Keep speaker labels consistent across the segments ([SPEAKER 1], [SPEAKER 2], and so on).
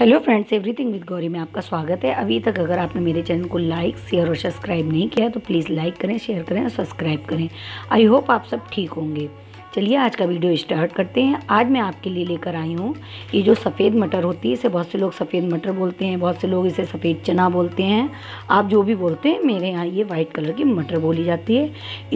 [SPEAKER 1] hello friends everything with Gauri में आपका स्वागत है अभी तक अगर आपने मेरे चैनल को लाइक शेयर और सब्सक्राइब नहीं किया तो प्लीज़ लाइक करें शेयर करें और सब्सक्राइब करें आई होप आप सब ठीक होंगे चलिए आज का वीडियो स्टार्ट करते हैं आज मैं आपके लिए लेकर आई हूँ ये जो सफ़ेद मटर होती है इसे बहुत से लोग सफ़ेद मटर बोलते हैं बहुत से लोग इसे सफ़ेद चना बोलते हैं आप जो भी बोलते हैं मेरे यहाँ ये वाइट कलर की मटर बोली जाती है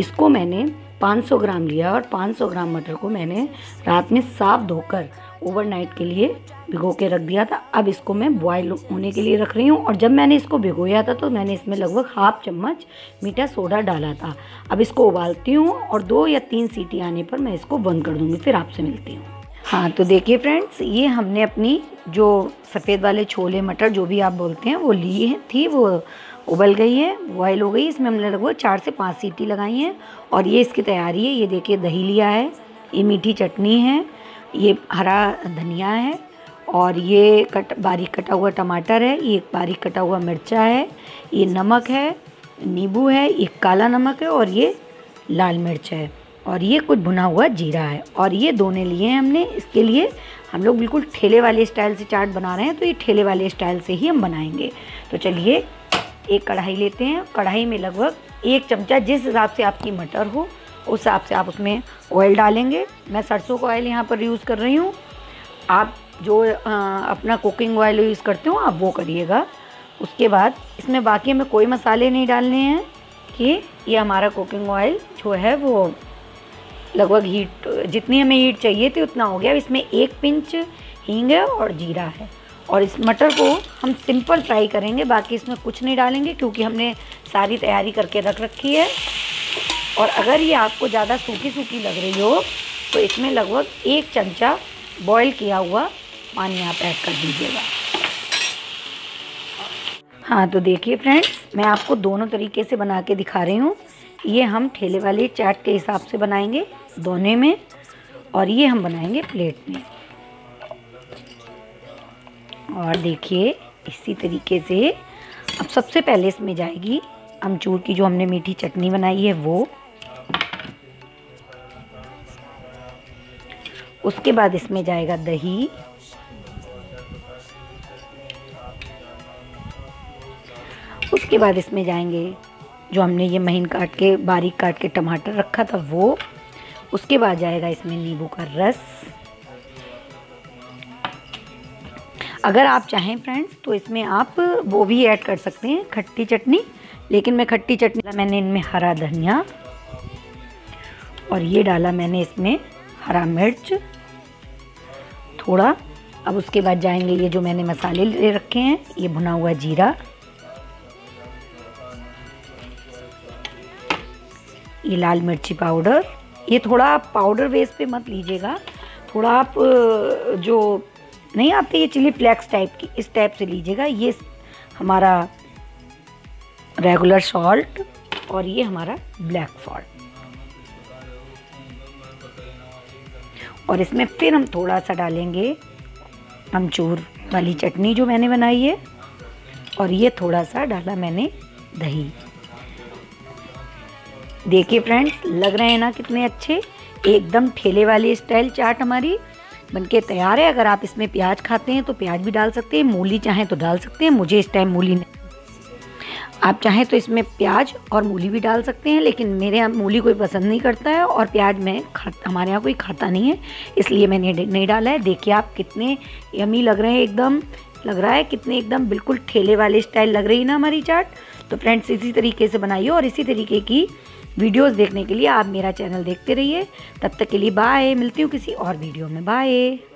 [SPEAKER 1] इसको मैंने 500 ग्राम लिया और 500 ग्राम मटर को मैंने रात में साफ धोकर ओवरनाइट के लिए भिगो के रख दिया था अब इसको मैं बॉयल होने के लिए रख रही हूँ और जब मैंने इसको भिगोया था तो मैंने इसमें लगभग हाफ चम्मच मीठा सोडा डाला था अब इसको उबालती हूँ और दो या तीन सीटी आने पर मैं इसको बंद कर दूँगी फिर आपसे मिलती हूँ हाँ तो देखिए फ्रेंड्स ये हमने अपनी जो सफ़ेद वाले छोले मटर जो भी आप बोलते हैं वो ली थी वो उबल गई है बॉयल हो गई इसमें हमने लगभग चार से पाँच सीटी लगाई हैं और ये इसकी तैयारी है ये देखिए दही लिया है ये मीठी चटनी है ये हरा धनिया है और ये कट बारीक कटा हुआ टमाटर है ये एक बारीक कटा हुआ मिर्चा है ये नमक है नींबू है ये काला नमक है और ये लाल मिर्च है और ये कुछ भुना हुआ जीरा है और ये दोने लिए हैं हमने इसके लिए हम लोग बिल्कुल ठेले वाले स्टाइल से चाट बना रहे हैं तो ये ठेले वाले स्टाइल से ही हम बनाएंगे तो चलिए एक कढ़ाई लेते हैं कढ़ाई में लगभग एक चमचा जिस हिसाब से आपकी मटर हो उस हिसाब से आप उसमें ऑयल डालेंगे मैं सरसों का ऑयल यहाँ पर यूज़ कर रही हूँ आप जो आ, अपना कुकिंग ऑयल यूज़ करते हो आप वो करिएगा उसके बाद इसमें बाकी हमें कोई मसाले नहीं डालने हैं कि ये हमारा कुकिंग ऑयल जो है वो लगभग हीट जितनी हमें हीट चाहिए थी उतना हो गया इसमें एक पिंच हींग है और जीरा है और इस मटर को हम सिंपल फ्राई करेंगे बाकी इसमें कुछ नहीं डालेंगे क्योंकि हमने सारी तैयारी करके रख रखी है और अगर ये आपको ज़्यादा सूखी सूखी लग रही हो तो इसमें लगभग एक चमचा बॉईल किया हुआ पानी आप ऐड कर दीजिएगा हाँ तो देखिए फ्रेंड्स मैं आपको दोनों तरीके से बना के दिखा रही हूँ ये हम ठेले वाले चाट के हिसाब से बनाएंगे दोने में और ये हम बनाएंगे प्लेट में और देखिए इसी तरीके से अब सबसे पहले इसमें जाएगी अमचूर की जो हमने मीठी चटनी बनाई है वो उसके बाद इसमें जाएगा दही उसके बाद इसमें जाएंगे जो हमने ये महीन काट के बारीक काट के टमाटर रखा था वो उसके बाद जाएगा इसमें नींबू का रस अगर आप चाहें फ्रेंड्स तो इसमें आप वो भी ऐड कर सकते हैं खट्टी चटनी लेकिन मैं खट्टी चटनी मैंने इनमें हरा धनिया और ये डाला मैंने इसमें हरा मिर्च थोड़ा अब उसके बाद जाएंगे ये जो मैंने मसाले ले रखे हैं ये भुना हुआ जीरा ये लाल मिर्ची पाउडर ये थोड़ा आप पाउडर बेस पे मत लीजिएगा थोड़ा आप जो नहीं आते ये चिली फ्लैक्स टाइप की इस टाइप से लीजिएगा ये हमारा रेगुलर सॉल्ट और ये हमारा ब्लैक सॉल्ट और इसमें फिर हम थोड़ा सा डालेंगे अमचूर वाली चटनी जो मैंने बनाई है और ये थोड़ा सा डाला मैंने दही देखिए फ्रेंड्स लग रहे हैं ना कितने अच्छे एकदम ठेले वाली स्टाइल चाट हमारी बनके तैयार है अगर आप इसमें प्याज खाते हैं तो प्याज भी डाल सकते हैं मूली चाहें तो डाल सकते हैं मुझे इस टाइम मूली नहीं आप चाहें तो इसमें प्याज और मूली भी डाल सकते हैं लेकिन मेरे यहाँ मूली कोई पसंद नहीं करता है और प्याज मैं खा हमारे यहाँ कोई खाता नहीं है इसलिए मैंने नहीं डाला है देखिए आप कितने यमी लग रहे हैं एकदम लग रहा है कितने एकदम बिल्कुल ठेले वाले स्टाइल लग रही है ना हमारी चाट तो फ्रेंड्स इसी तरीके से बनाइए और इसी तरीके की वीडियोस देखने के लिए आप मेरा चैनल देखते रहिए तब तक के लिए बाय मिलती हूँ किसी और वीडियो में बाय